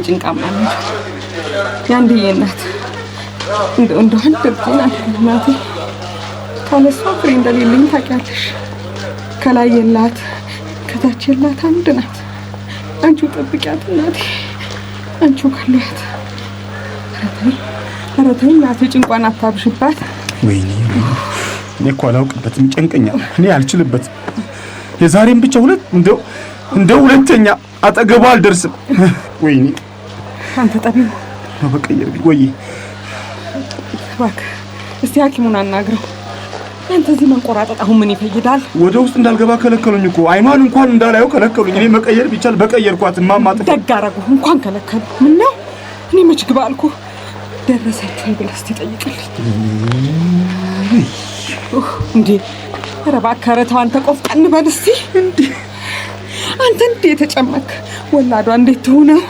የጭንቅ አማለች የአንድዬ እናት እንደሆን እንደው አንድ እናቴ ካለሷ ፍሬ እንደሌለኝ ታውቂያለሽ። ከላይ የላት ከታች የላት አንድ ናት። አንቺው ጠብቂያት እናቴ፣ አንቺው ከልያት። ኧረ እናቴ፣ ጭንቋን አታብሽባት። ወይኔ እኔ እኮ አላውቅበትም፣ ይጨንቀኛል። እኔ አልችልበትም። የዛሬም ብቻ ሁለት እንደው እንደው ሁለተኛ አጠገቧ አልደርስም። ወይኔ አንተ ጠቢቡ መቀየር ወይ እባክህ እስቲ ሐኪሙን አናግረው። አንተ እዚህ መንቆራጠጥ አሁን ምን ይፈይዳል? ወደ ውስጥ እንዳልገባ ከለከሉኝ እኮ አይኗን እንኳን እንዳላየው ከለከሉኝ። እኔ መቀየር ቢቻል በቀየርኳት። ማማጥ ደግ አደረጉ። እንኳን ከለከሉ። ምን ነው እኔ መች ግባ አልኩ። ደረሳችሁ ብለህ እስቲ ጠይቅልኝ እንዴ። ኧረ እባክህ ኧረ ተው አንተ፣ ቆፍጠን በል እስቲ። አንተ እንዴ ተጨመክ ወላዷ እንዴት ትሆነው?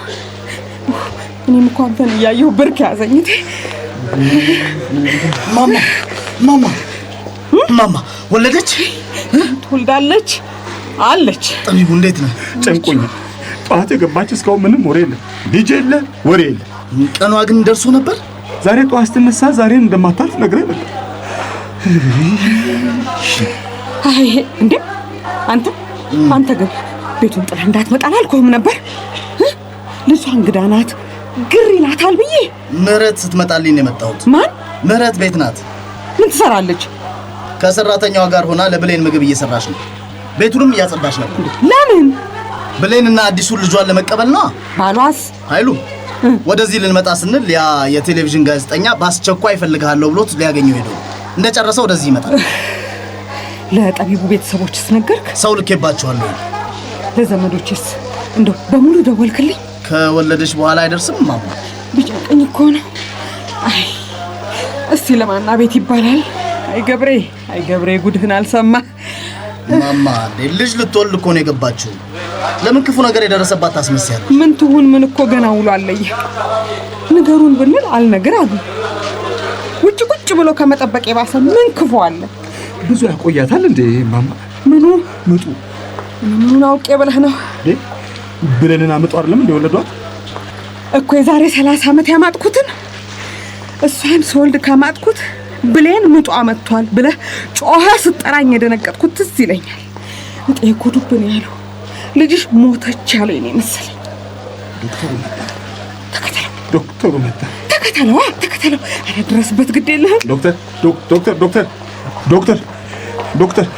እኔም እኮ አንተን እያየሁ ብርክ ያዘኝ። ማማ ማማ ማማ ወለደች፣ ትወልዳለች አለች። ጠቢቡ እንዴት ነው? ጨንቆኛ ጠዋት የገባች እስካሁን ምንም ወሬ የለም። ልጅ የለ፣ ወሬ የለ። ቀኗ ግን ደርሶ ነበር። ዛሬ ጠዋት ስትነሳ ዛሬን እንደማታልፍ ነግረህ ነበር። እንዴ አንተ አንተ ግን ቤቱን ጥላ እንዳትመጣ አላልኩህም ነበር? ልጇ እንግዳ ናት፣ ግር ይላታል ብዬ ምህረት ስትመጣልኝ ነው የመጣሁት። ማን? ምህረት ቤት ናት። ምን ትሰራለች? ከሰራተኛዋ ጋር ሆና ለብሌን ምግብ እየሰራች ነው። ቤቱንም እያጸዳች ነው። ለምን? ብሌንና አዲሱን ልጇን ለመቀበል ነው። ባሏስ? ኃይሉ ወደዚህ ልንመጣ ስንል ያ የቴሌቪዥን ጋዜጠኛ በአስቸኳይ እፈልግሃለሁ ብሎት ሊያገኘው ሄዶ እንደጨረሰ ወደዚህ ይመጣል። ለጠቢቡ ቤተሰቦችስ ነገርክ? ሰው ልኬባቸዋለሁ። ለዘመዶችስ እንደው በሙሉ ደወልክልኝ? ከወለደች በኋላ አይደርስም። ማማ ቢጨንቀኝ እኮ ነው። አይ እስቲ ለማና ቤት ይባላል። አይ ገብሬ፣ አይ ገብሬ ጉድህን አልሰማ። ማማ ልጅ ልትወልድ እኮ ነው የገባችው። ለምን ክፉ ነገር የደረሰባት ታስመስያል? ምን ትሁን? ምን እኮ ገና ውሎ አለየ። ንገሩን ብንል አልነግር አሉ። ውጭ ቁጭ ብሎ ከመጠበቅ የባሰ ምን ክፉ አለ? ብዙ ያቆያታል እንዴ ማማ? ምኑ ምጡ ምኑን አውቄ ብለህ ነው ብለንን አመጡ አይደለም እንደ ወለዷት እኮ የዛሬ ሰላሳ ዓመት ያማጥኩትን እሷን ስወልድ ካማጥኩት ብሌን ምጧ መጥቷል ብለ ጮኸ ስጠራኝ የደነገጥኩት ትዝ ይለኛል። ምጤ እኮ ያለው። ልጅሽ ሞተች ያለው እኔ መሰለኝ። ዶክተሩ መጣ። ተከተለው። ዶክተሩ መጣ። ተከተለው። ተከተለው። አረ ድረስበት፣ ግድ የለህም። ዶክተር ዶክተር ዶክተር ዶክተር ዶክተር።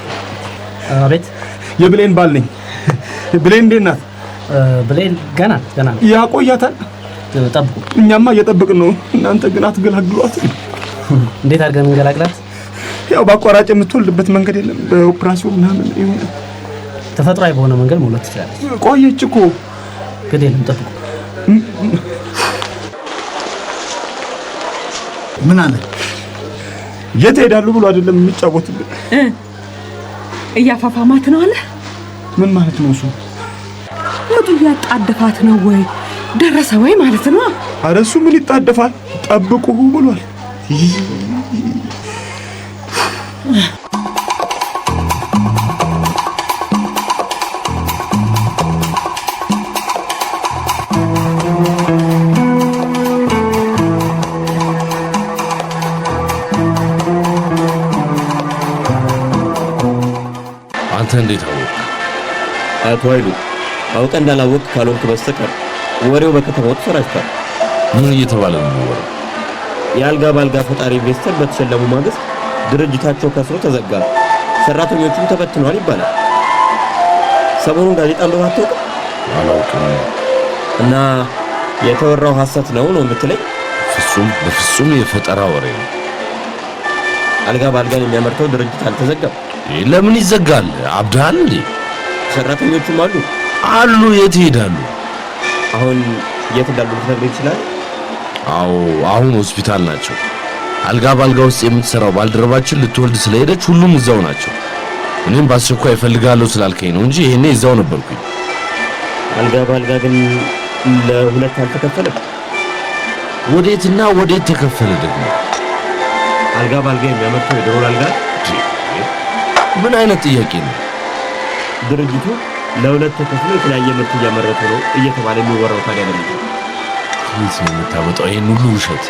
አቤት። የብሌን ባል ነኝ። ብሌን እንዴት ናት? ብሌን ገና ገና ያቆያታል። ጠብቁ። እኛማ እየጠበቅን ነው። እናንተ ግን አትገላግሏት። እንዴት አድርገን እንገላግላት? ያው በአቋራጭ የምትወልድበት መንገድ የለም። በኦፕራሲዮን ምናምን ይሁን ተፈጥሯዊ በሆነ መንገድ መውለድ ትችላለች። ቆየች እኮ ግድ የለም። ጠብቁ። ምን አለ? የት ሄዳሉ ብሎ አይደለም የሚጫወትብን። እያፋፋማት ነው አለ። ምን ማለት ነው እሱ? እሸቱ እያጣደፋት ነው ወይ? ደረሰ ወይ ማለት ነው። አረሱ እሱ ምን ይጣደፋል? ጠብቁ ብሏል። አንተ እንዴት አወቅ አቶ ኃይሉ? አውቀ እንዳላወቅ ካልሆንክ በስተቀር ወሬው በከተማው ተሰራጭቷል። ምን እየተባለ ነው ወሬው? የአልጋ ባልጋ ፈጣሪ ኢንቨስተር በተሸለሙ ማግስት ድርጅታቸው ከስሮ ተዘጋ፣ ሰራተኞቹም ተበትነዋል ይባላል። ሰሞኑን ጋዜጣ በማታውቅ አላውቅም እና የተወራው ሐሰት ነው ነው የምትለኝ? ፍጹም በፍጹም የፈጠራ ወሬ ነው። አልጋ ባልጋን የሚያመርተው ድርጅት አልተዘጋም። ለምን ይዘጋል? አብዳል እንዴ? ሰራተኞቹም አሉ። አሉ። የት ይሄዳሉ? አሁን የት እንዳሉ ልትነግረኝ ይችላል? አዎ አሁን ሆስፒታል ናቸው። አልጋ በአልጋ ውስጥ የምትሰራው ባልደረባችን ልትወልድ ስለሄደች ሁሉም እዛው ናቸው። እኔም በአስቸኳይ እፈልጋለሁ ስላልከኝ ነው እንጂ ይሄኔ እዛው ነበርኩኝ። አልጋ በአልጋ ግን ለሁለት አልተከፈለም። ወዴትና ወዴት ተከፈለ ደግሞ? አልጋ በአልጋ የሚያመጣው የድሮ አልጋ ምን አይነት ጥያቄ ነው ድርጅቱ ለሁለት ተከፍሎ የተለያየ ምርት እያመረቱ ነው እየተባለ የሚወራው ታዲያ ለምን የምታመጣው ይህን ሁሉ ውሸት?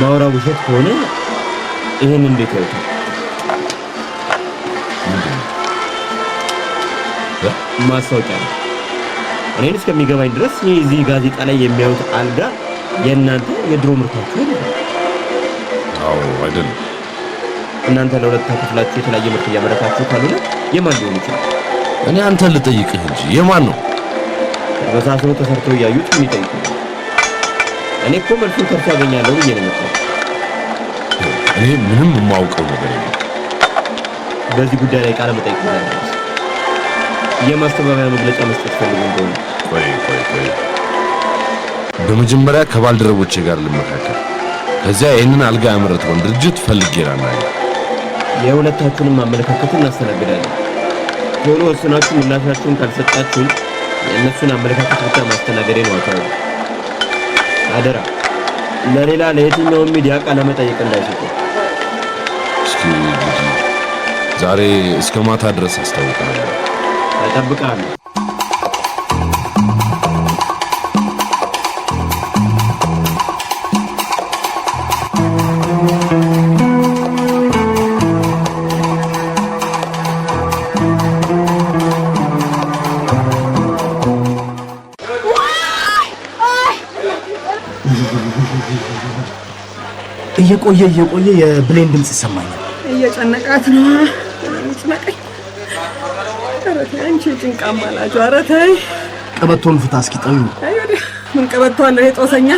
ማውራው ውሸት ከሆነ ይህን እንዴት ያውታል? ማስታወቂያ ነው። እኔን እስከሚገባኝ ድረስ ይህ እዚህ ጋዜጣ ላይ የሚያዩት አልጋ የእናንተ የድሮ ምርታችሁ አይደለም። አይደለም። እናንተ ለሁለት ተከፍላችሁ የተለያየ ምርት እያመረታችሁ ካልሆነ የማን ሊሆን ይችላል? እኔ አንተ ልጠይቅህ እንጂ የማን ነው? በሳስሮ ተሰርተው እያዩት የሚጠይቁ እኔ እኮ መልሱን ከርሱ ያገኛለሁ ብዬ ነው መጣሁ። እኔ ምንም የማውቀው ነገር የለም በዚህ ጉዳይ ላይ ቃለ መጠይቅ ማለት የማስተባበያ መግለጫ መስጠት ፈልጉ እንደሆነ። ቆይ ቆይ ቆይ፣ በመጀመሪያ ከባልደረቦቼ ጋር ልመካከል፣ ከዚያ ይህንን አልጋ ያመረተውን ድርጅት ፈልጌ ላናገር። የሁለታችሁንም አመለካከት እናስተናግዳለን። ቶሎ ወስናችሁ ምላሻችሁን ካልሰጣችሁን የእነሱን አመለካከት ብቻ ማስተናገዴ ነው። አካባቢ አደራ ለሌላ ለየትኛውም ሚዲያ ቃለ መጠየቅ እንዳይሰጡ። እስኪ ዛሬ እስከ ማታ ድረስ አስታውቃለሁ። እጠብቃለሁ። እየቆየ እየቆየ የብሌን ድምፅ ይሰማኛል። እየጨነቃት ነው ጭነቀኝ። አንቺ ጭንቃ ማላጁ ኧረ ተይ፣ ቀበቶን ፍታ እስኪ ጠዩ። ምን ቀበቶ አለ የጦሰኛ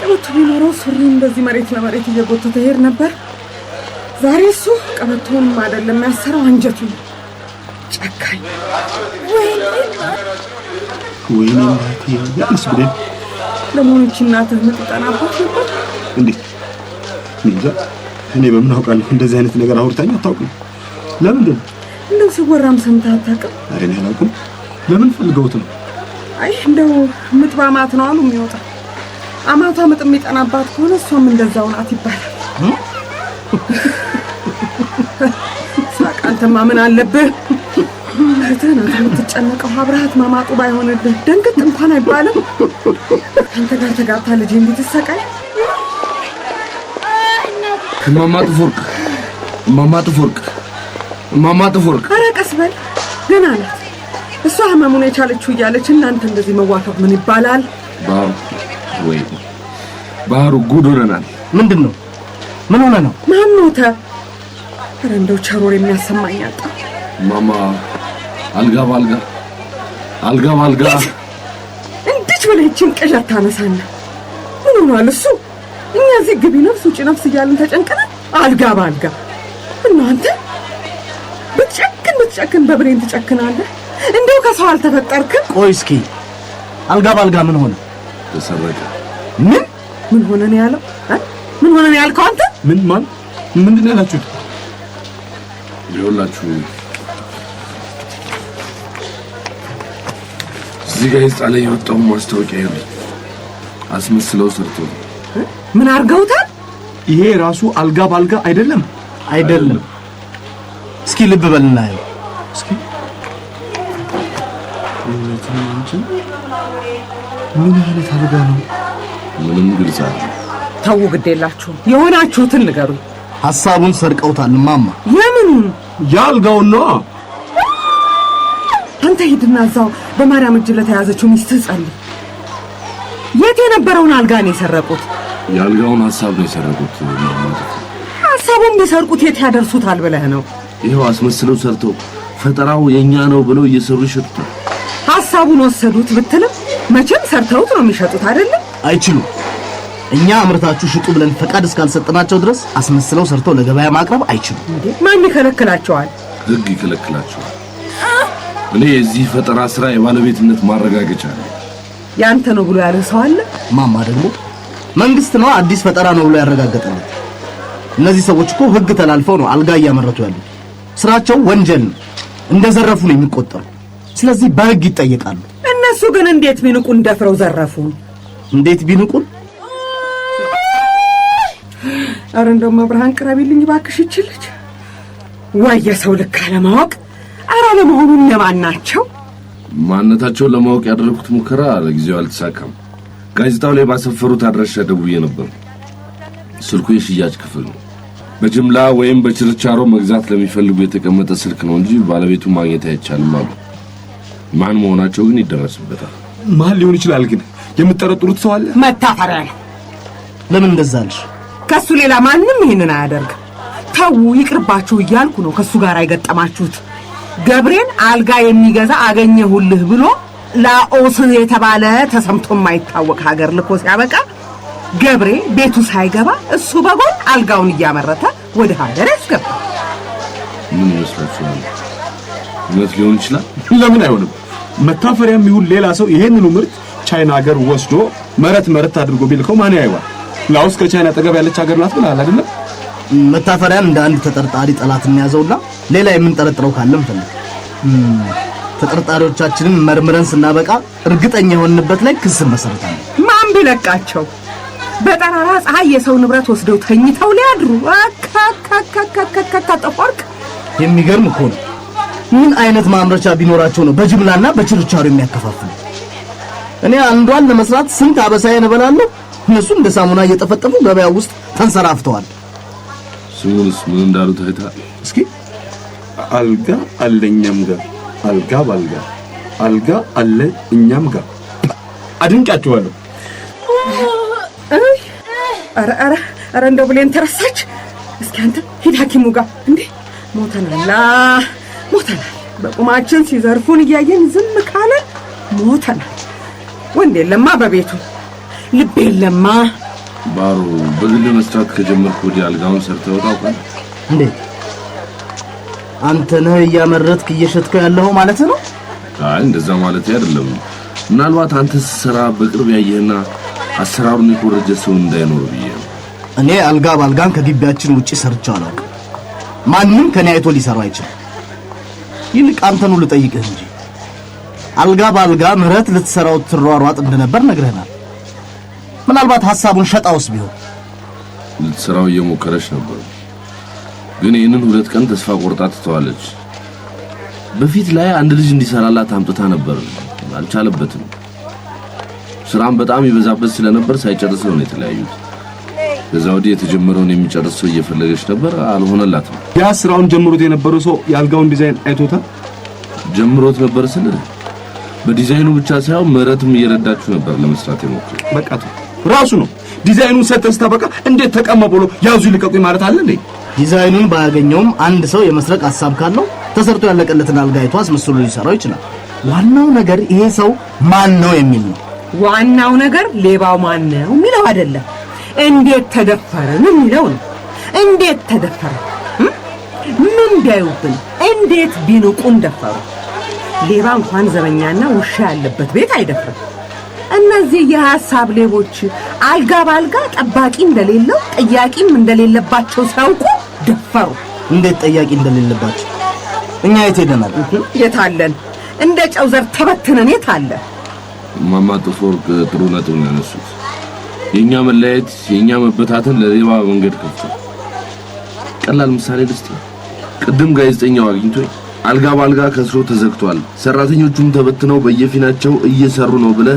ቀበቶ ቢኖረው ሱሪ እንደዚህ መሬት ለመሬት እየጎተተ ሄድ ነበር። ዛሬ እሱ ቀበቶን አይደለም የሚያሰረው አንጀቱ ነው። ጨካኝ ወይኔ፣ ለመሆኑ እናትህ ምጥጠናባት ነበር እንዴ? እንጃ እኔ በምን አውቃለሁ? እንደዚህ አይነት ነገር አውርታኝ አታውቅም። ለምንድን ነው እንደው ሲወራም ሰምተህ አታውቅም? አይ እኔ አላውቅም። ለምን ፈልገውት ነው? አይ እንደው ምጥ በአማት ነው አሉ የሚወጣ አማቷ ምጥ የሚጠናባት ከሆነ እሷም እንደዛው ናት ይባላል። ሳቅ አንተማ ምን አለብህ? እህትህ ናት የምትጨነቀው። አብረሃት ማማጡ ባይሆንልህ ደንግጥ እንኳን አይባልም። አንተ ጋር ተጋብታ ልጅ እንዲትሰቃይ እማማ ጥፎወርቅ እማማ ጥፎወርቅ እማማ ጥፎወርቅ። ኧረ ቀስ በል ገና ናት እሷ ህመሙን የቻለችው እያለች እናንተ እንደዚህ መዋታት ምን ይባላል? ባህሩ ወይ ባህሩ ጉድ ሆነናል። ምንድን ነው ምን ሆነ ነው ማን ሞተ? ኧረ እንደው ቸሮር የሚያሰማኝ አጣ። እማማ አልጋ ባልጋ አልጋ ባልጋ እንዴት ብለህ ይህችን ቅዠት ታነሳለህ? ምን ሆኗል እሱ? እኛ እዚህ ግቢ ነፍስ ውጭ ነፍስ እያልን ተጨንቀናል። አልጋ በአልጋ እናንተ ብትጨክን ብትጨክን በብሬን ትጨክናለህ። እንደው ከሰው አልተፈጠርክም። ቆይ እስኪ አልጋ በአልጋ ምን ሆነ? ተሰረቀ። ምን ምን ሆነ ነው ያለው? ምን ሆነ ነው ያልከው አንተ? ምን ማን ምንድን ነው ያላችሁት? ይኸውላችሁ እዚህ ጋዜጣ ላይ የወጣውን ማስታወቂያ ያለ አስመስለው ሰርቶ ነው ምን አርገውታል? ይሄ ራሱ አልጋ ባልጋ አይደለም አይደለም። እስኪ ልብ በልና ያው እስኪ ምን አይነት አልጋ ነው? ምንም ግልጽ ተው፣ ግዴላችሁ፣ የላችሁም። የሆናችሁትን ንገሩ። ሐሳቡን ሰርቀውታል። ማማ የምኑን? ያልጋው ነው? አንተ ሂድና እዛው በማርያም እጅ ለተያዘችው ሚስትህ ጸልይ። የት የነበረውን አልጋ ነው የሰረቁት? የአልጋውን ሐሳብ ነው የሰረቁት ማለት ነው። ሐሳቡን ቢሰርቁት የት ያደርሱታል ብለህ ነው? ይኸው አስመስለው ሰርተው ፈጠራው የእኛ ነው ብለው እየሰሩ ይሸጡታል። ሐሳቡን ወሰዱት ብትልም መቼም ሰርተውት ነው የሚሸጡት አይደለም? አይችሉም። እኛ አምርታችሁ ሽጡ ብለን ፈቃድ እስካልሰጥናቸው ድረስ አስመስለው ሰርተው ለገበያ ማቅረብ አይችሉም። ማን ይከለክላቸዋል? ሕግ ይከለክላቸዋል። እኔ የዚህ ፈጠራ ስራ የባለቤትነት ማረጋገጫ ነው ያንተ ነው ብሎ ያለ ሰው አለ? ማማ ደግሞ መንግስት ነው አዲስ ፈጠራ ነው ብሎ ያረጋገጠለት። እነዚህ ሰዎች እኮ ህግ ተላልፈው ነው አልጋ እያመረቱ ያሉት። ስራቸው ወንጀል ነው፣ እንደዘረፉ ነው የሚቆጠሩ። ስለዚህ በህግ ይጠየቃሉ። እነሱ ግን እንዴት ቢንቁን ደፍረው ዘረፉን? እንዴት ቢንቁን? አረ እንደው መብርሃን ቅረቢልኝ እባክሽ። ይችልች ወይ የሰው ልክ አለማወቅ። አረ ለመሆኑ እነማን ናቸው? ማንነታቸውን ለማወቅ ያደረኩት ሙከራ ለጊዜው አልተሳካም። ጋዜጣው ላይ ባሰፈሩት አድራሻ ደውዬ ነበር። ስልኩ የሽያጭ ክፍል ነው። በጅምላ ወይም በችርቻሮ መግዛት ለሚፈልጉ የተቀመጠ ስልክ ነው እንጂ ባለቤቱ ማግኘት አይቻልም አሉ። ማን መሆናቸው ግን ይደረስበታል። ማን ሊሆን ይችላል ግን? የምትጠረጥሩት ሰው አለ? መታፈሪያ ነው። ለምን እንደዛ አልሽ? ከእሱ ሌላ ማንም ይህንን አያደርግም። ተዉ ይቅርባችሁ እያልኩ ነው። ከእሱ ጋር አይገጠማችሁት። ገብሬን አልጋ የሚገዛ አገኘሁልህ ብሎ ላኦስ የተባለ ተሰምቶ የማይታወቅ ሀገር ልኮ ሲያበቃ ገብሬ ቤቱ ሳይገባ እሱ በጎን አልጋውን እያመረተ ወደ ሀገር ያስገባ። ምን ይመስላችኋል? እውነት ሊሆን ይችላል? ለምን አይሆንም? መታፈሪያም ይሁን ሌላ ሰው ይሄንኑ ምርት ቻይና ሀገር ወስዶ መረት መረት አድርጎ ቢልከው ማን ያይዋል? ላኦስ ከቻይና ጠገብ ያለች ሀገር ናት ብለሃል አይደለም? መታፈሪያን እንደ አንድ ተጠርጣሪ ጠላት የሚያዘውና ሌላ የምንጠረጥረው ካለም ፈልግ ተጠርጣሪዎቻችንን መርምረን ስናበቃ እርግጠኛ የሆንበት ላይ ክስ መሰረታለን። ማን ቢለቃቸው? በጠራራ ፀሐይ የሰው ንብረት ወስደው ተኝተው ሊያድሩ። አካካካካካ ጠቆርቅ የሚገርም እኮ ነው። ምን አይነት ማምረቻ ቢኖራቸው ነው በጅምላና በችርቻሩ የሚያከፋፍሉ? እኔ አንዷን ለመስራት ስንት አበሳዬን እበላለሁ። እነሱ እንደ ሳሙና እየጠፈጠፉ ገበያ ውስጥ ተንሰራፍተዋል። ሱስ ምን እንዳሉ ታይታ እስኪ አልጋ አለኛም ጋር አልጋ ባልጋ አልጋ አለ እኛም ጋር አድንቃችኋለሁ። አረ አረ አረ እንደው ብሌን ተረሳች። እስኪ አንተ ሂድ ሐኪሙ ጋር እንዴ! ሞተናላ ሞተናል። በቁማችን ሲዘርፉን እያየን ዝም ካለ ሞተናል። ወንድ የለማ በቤቱ ልብ የለማ። ባሩ በግል መስራት ከጀመርኩ ወዲህ አልጋውን ሰርተህ ወጣው እንዴ አንተ ነህ እያመረትክ እየሸጥከው ያለው ማለት ነው? አይ እንደዛ ማለት አይደለም። ምናልባት አንተ ስራ በቅርብ ያየህና አሰራሩን የኮረጀ ሰው እንዳይኖር ብዬ ነው። እኔ አልጋ ባልጋን ከግቢያችን ውጪ ሰርቼ አላውቅም። ማንም ከኔ አይቶ ሊሰራ አይችልም። ይልቅ አንተኑ ልጠይቅህ እንጂ አልጋ ባልጋ ምህረት ልትሰራው ትሯሯጥ እንደነበር ነግረህናል። ምናልባት ሐሳቡን ሸጣውስ ቢሆን ልትሰራው እየሞከረች ነበር። ግን ይህንን ሁለት ቀን ተስፋ ቆርጣ ትተዋለች። በፊት ላይ አንድ ልጅ እንዲሰራላት አምጥታ ነበር፣ አልቻለበትም። ስራም በጣም ይበዛበት ስለነበር ሳይጨርስ ነው የተለያዩት። ከዛ ወዲህ የተጀመረውን የሚጨርስ ሰው እየፈለገች ነበር፣ አልሆነላትም። ያ ስራውን ጀምሮት የነበረው ሰው የአልጋውን ዲዛይን አይቶታል። ጀምሮት ነበር ስል በዲዛይኑ ብቻ ሳይሆን ምህረትም እየረዳችሁ ነበር ለመስራት የሞክሩ በቃ ራሱ ነው ዲዛይኑን ሰተስታ በቃ እንዴት ተቀመ ብሎ ያዙ ይልቀቁኝ ማለት አለ እንዴ? ዲዛይኑን ባያገኘውም አንድ ሰው የመስረቅ ሀሳብ ካለው ተሰርቶ ያለቀለትን አልጋ አይቶ አስመስሎ ሊሰራው ይችላል። ዋናው ነገር ይሄ ሰው ማን ነው የሚል ነው። ዋናው ነገር ሌባው ማን ነው የሚለው አይደለም፣ እንዴት ተደፈረን የሚለው ነው። እንዴት ተደፈረ፣ ምን ቢያዩብን፣ እንዴት ቢንቁን ደፈሩ። ሌባ እንኳን ዘበኛና ውሻ ያለበት ቤት አይደፍርም። እነዚህ የሀሳብ ሌቦች አልጋ በአልጋ ጠባቂ እንደሌለው ጠያቂም እንደሌለባቸው ሲያውቁ ደፋሩ እንዴት ጠያቂ እንደሌለባቸው እኛ የት ሄደናል? የት አለን? እንደ ጨው ዘር ተበትነን የት አለ? እማማ ጥሩወርቅ ጥሩ ነጥብ ነው ያነሱት። የእኛ መለያየት፣ የእኛ መበታተን ለሌባ መንገድ ከፍቷል። ቀላል ምሳሌ ልስጥ። ቅድም ጋዜጠኛው አግኝቶ አልጋ በአልጋ ከስሮ ተዘግቷል፣ ሰራተኞቹም ተበትነው በየፊናቸው እየሰሩ ነው ብለ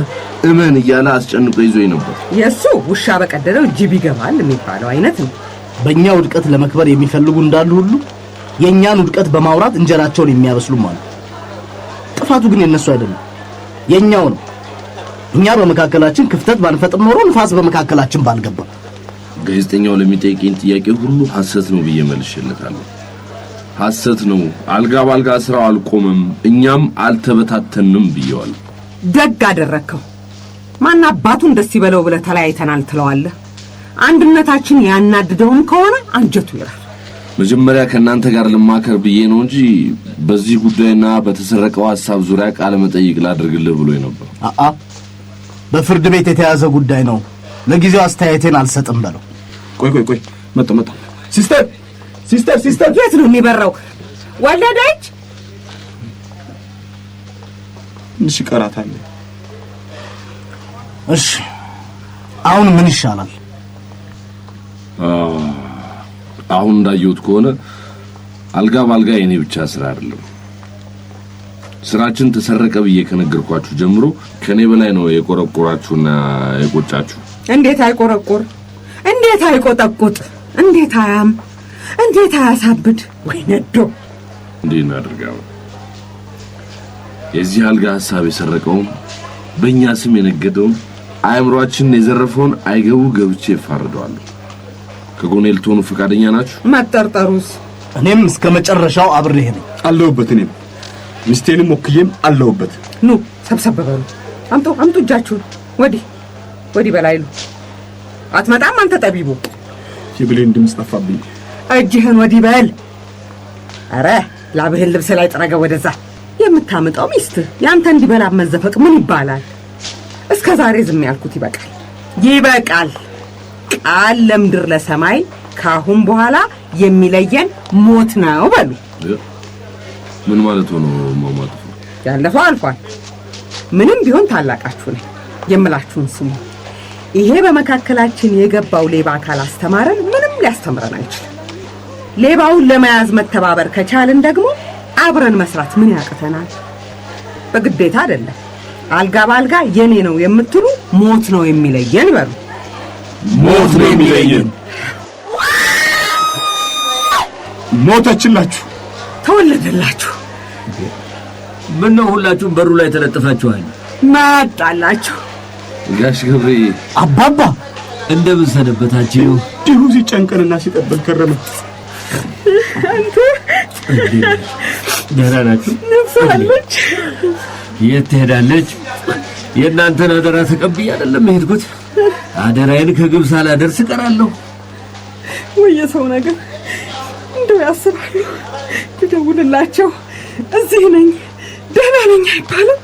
እመን እያለ አስጨንቆ ይዞኝ ነበር። የእሱ ውሻ በቀደደው ጅብ ይገባል የሚባለው አይነት ነው። በእኛ ውድቀት ለመክበር የሚፈልጉ እንዳሉ ሁሉ የእኛን ውድቀት በማውራት እንጀራቸውን የሚያበስሉም አሉ። ጥፋቱ ግን የነሱ አይደለም፣ የእኛው ነው። እኛ በመካከላችን ክፍተት ባንፈጥም ኖሮ ንፋስ በመካከላችን ባልገባ። ጋዜጠኛው ለሚጠይቀኝ ጥያቄ ሁሉ ሐሰት ነው ብዬ መልሼለታለሁ። ሐሰት ነው፣ አልጋ ባልጋ ስራው አልቆመም፣ እኛም አልተበታተንም ብየዋል። ደግ አደረግከው። ማን አባቱን ደስ ይበለው ብለህ ተለያይተናል ትለዋለህ። አንድነታችን ያናድደውም ከሆነ አንጀቱ ይራል። መጀመሪያ ከእናንተ ጋር ልማከር ብዬ ነው እንጂ በዚህ ጉዳይና በተሰረቀው ሀሳብ ዙሪያ ቃለ መጠይቅ ላድርግልህ ብሎ ነበር። አአ በፍርድ ቤት የተያዘ ጉዳይ ነው። ለጊዜው አስተያየቴን አልሰጥም በለው። ቆይ ቆይ ቆይ፣ መጣ መጣ። ሲስተር ሲስተር ሲስተር፣ የት ነው የሚበራው? ወለደች ምን ቀራት እሺ አሁን ምን ይሻላል? አሁን እንዳየሁት ከሆነ አልጋ በአልጋ የኔ ብቻ ስራ አይደለም። ስራችን ተሰረቀ ብዬ ከነገርኳችሁ ጀምሮ ከኔ በላይ ነው የቆረቆራችሁና የቆጫችሁ። እንዴት አይቆረቆር፣ እንዴት አይቆጠቁጥ፣ እንዴት አያም፣ እንዴት አያሳብድ። ወይ ነዶ እንዲህ እናደርጋው። የዚህ አልጋ ሐሳብ የሰረቀውን በእኛ ስም የነገደውን አእምሯችንን የዘረፈውን አይገቡ ገብቼ ይፋረደዋለሁ። ከጎኔ ልትሆኑ ፈቃደኛ ናችሁ? መጠርጠሩስ? እኔም እስከ መጨረሻው አብሬህ ነኝ። አለሁበት። እኔም ሚስቴንም ወክዬም አለሁበት። ኑ ሰብሰብ በሉ። አምጡ አምጡ፣ እጃችሁን ወዲህ ወዲህ በላይሉ። አትመጣም አንተ ጠቢቡ። የብሌን ድምፅ ጠፋብኝ። እጅህን ወዲህ በል። አረ ላብህን ልብስ ላይ ጥረገ። ወደዛ የምታመጣው ሚስትህ ያንተ እንዲበላ መዘፈቅ ምን ይባላል? እስከ ዛሬ ዝም ያልኩት ይበቃል፣ ይበቃል። ቃል ለምድር ለሰማይ ካሁን በኋላ የሚለየን ሞት ነው በሉ። ምን ማለት ሆኖ ማማጥ? ያለፈው አልፏል። ምንም ቢሆን ታላቃችሁ ነኝ። የምላችሁን ስሙ። ይሄ በመካከላችን የገባው ሌባ ካላስተማረን ምንም ሊያስተምረን አይችልም። ሌባውን ለመያዝ መተባበር ከቻልን ደግሞ አብረን መስራት ምን ያቅተናል? በግዴታ አይደለም። አልጋ በአልጋ የኔ ነው የምትሉ ሞት ነው የሚለየን በሉ። ሞት ነው የሚለኝም። ሞተችላችሁ፣ ተወለደላችሁ። ምነው ሁላችሁም በሩ ላይ ተለጥፋችኋል? መጣላችሁ። ጋሽ ገብርዬ አባባ እንደምን ሰነበታችሁ? እንዲሁ ሲጨንቀንና ሲጠበል ከረመ። አንተ ደህና ናችሁ? ነፍስ አለች። የት ትሄዳለች? የእናንተን አደራ ተቀብዬ አይደለም የሄድኩት። አደራዬን ከግብ ሳላደርስ እቀራለሁ። ወየ ሰው ነገር እንደው ያስባሉ። ትደውልላቸው እዚህ ነኝ ደህና ነኝ አይባልም።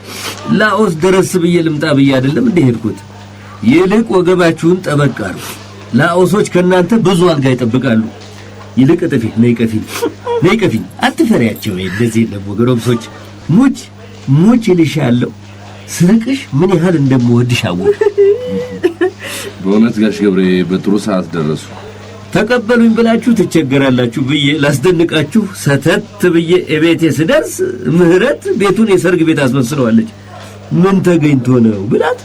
ላኦስ ደረስ ብዬ ልምጣ ብዬ አይደለም እንደ ሄድኩት። ይልቅ ወገባችሁን ጠበቅ አሉ። ላኦሶች ከእናንተ ብዙ አልጋ ይጠብቃሉ። ይልቅ ጥፊ ነይ ቀፊኝ፣ ነይ ቀፊኝ፣ አትፈሪያቸው። እንደዚህ የለም ወገሮምሶች ሙች ሙች ይልሻለሁ ስርቅሽ ምን ያህል እንደምወድሽ አወቅ። በእውነት ጋሽ ገብሬ በጥሩ ሰዓት ደረሱ። ተቀበሉኝ ብላችሁ ትቸገራላችሁ ብዬ ላስደንቃችሁ ሰተት ብዬ እቤቴ ስደርስ ምህረት ቤቱን የሰርግ ቤት አስመስለዋለች። ምን ተገኝቶ ነው ብላት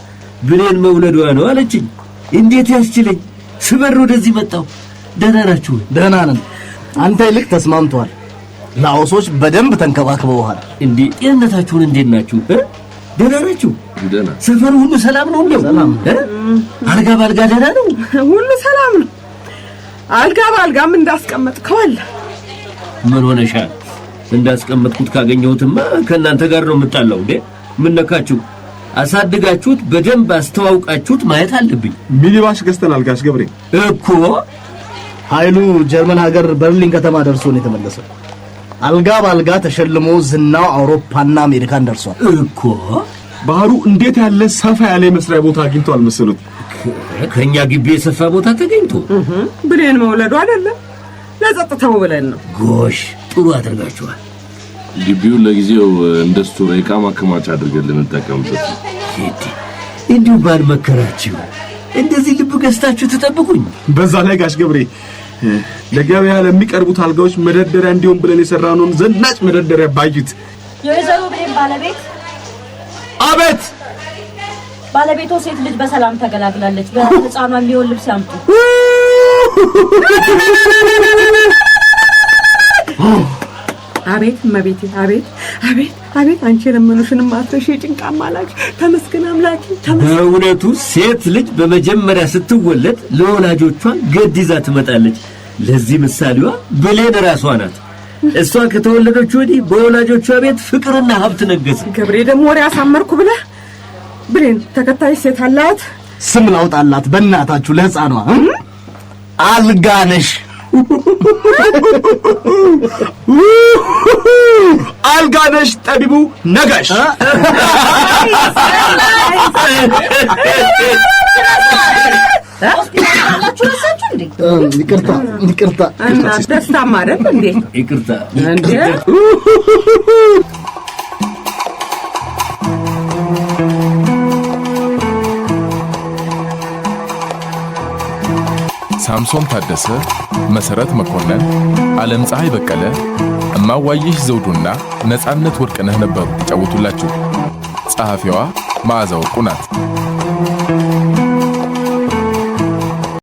ብሌን መውለዷ ነው አለችኝ። እንዴት ያስችለኝ ስበር ወደዚህ መጣሁ። ደህና ናችሁ? ደህና ነን። አንተ ይልቅ ተስማምተዋል። ላኦሶች በደንብ ተንከባክበውሃል። እንዴ ጤንነታችሁን እንዴት ናችሁ? ደህና ናችሁ? ሰፈሩ ሁሉ ሰላም ነው? እንደው አልጋ በአልጋ ደህና ነው? ሁሉ ሰላም ነው። አልጋ በአልጋም እንዳስቀመጥከው አለ። ምን ሆነሻል? እንዳስቀመጥኩት ካገኘሁትማ ከእናንተ ጋር ነው የምጣለው። እንዴ ምን ነካችሁ? አሳድጋችሁት በደንብ አስተዋውቃችሁት ማየት አለብኝ። ሚኒባስ ገዝተናል ጋሽ ገብሬ እኮ ኃይሉ ጀርመን ሀገር በርሊን ከተማ ደርሶ ነው የተመለሰው። አልጋ በአልጋ ተሸልሞ ዝናው አውሮፓና አሜሪካን ደርሷል እኮ። ባህሩ እንዴት ያለ ሰፋ ያለ የመስሪያ ቦታ አግኝቷል መሰሉት? ከእኛ ግቢ የሰፋ ቦታ ተገኝቶ ብሌን መውለዱ አይደለም ለጸጥታው ብለን ነው። ጎሽ ጥሩ አድርጋችኋል። ግቢውን ለጊዜው እንደ ስቶር ዕቃ ማከማቻ አድርገን ልንጠቀምበት። እንዲሁ ባልመከራችሁ እንደዚህ ልብ ገዝታችሁ ትጠብቁኝ። በዛ ላይ ጋሽ ገብሬ ለገበያ ለሚቀርቡት አልጋዎች መደርደሪያ እንዲሆን ብለን የሰራነውን ዘናጭ መደርደሪያ ባዩት። የወይዘሮ ብሬን ባለቤት አቤት። ባለቤቶ ሴት ልጅ በሰላም ተገላግላለች። በህፃኗ የሚሆን ልብስ ያምጡ። አቤት እመቤቴ፣ አቤት አቤት አቤት! አንቺ የለመኑሽንም አፍተሽ የጭንቃ ማላች ተመስገን አምላኬ። በእውነቱ ሴት ልጅ በመጀመሪያ ስትወለድ ለወላጆቿ ግድ ይዛ ትመጣለች። ለዚህ ምሳሌዋ ብሌን ራሷ ናት። እሷ ከተወለደች ወዲህ በወላጆቿ ቤት ፍቅርና ሀብት ነገሰ። ገብሬ ደግሞ ወሬ አሳመርኩ ብለህ ብሌን ተከታይ ሴት አላት። ስም ላውጣላት በእናታችሁ ለሕፃኗ አልጋነሽ አልጋነሽ ጠቢቡ ነጋሽ ይቅርታ ይቅርታ፣ ደስታማ አይደል እንዴ? ይቅርታ ሳምሶን ታደሰ፣ መሰረት መኮንን፣ ዓለም ፀሐይ በቀለ፣ እማዋይሽ ዘውዱና ነፃነት ወርቅነህ ነበሩ ይጫወቱላችሁ። ጸሐፊዋ መዓዛ ወርቁ ናት።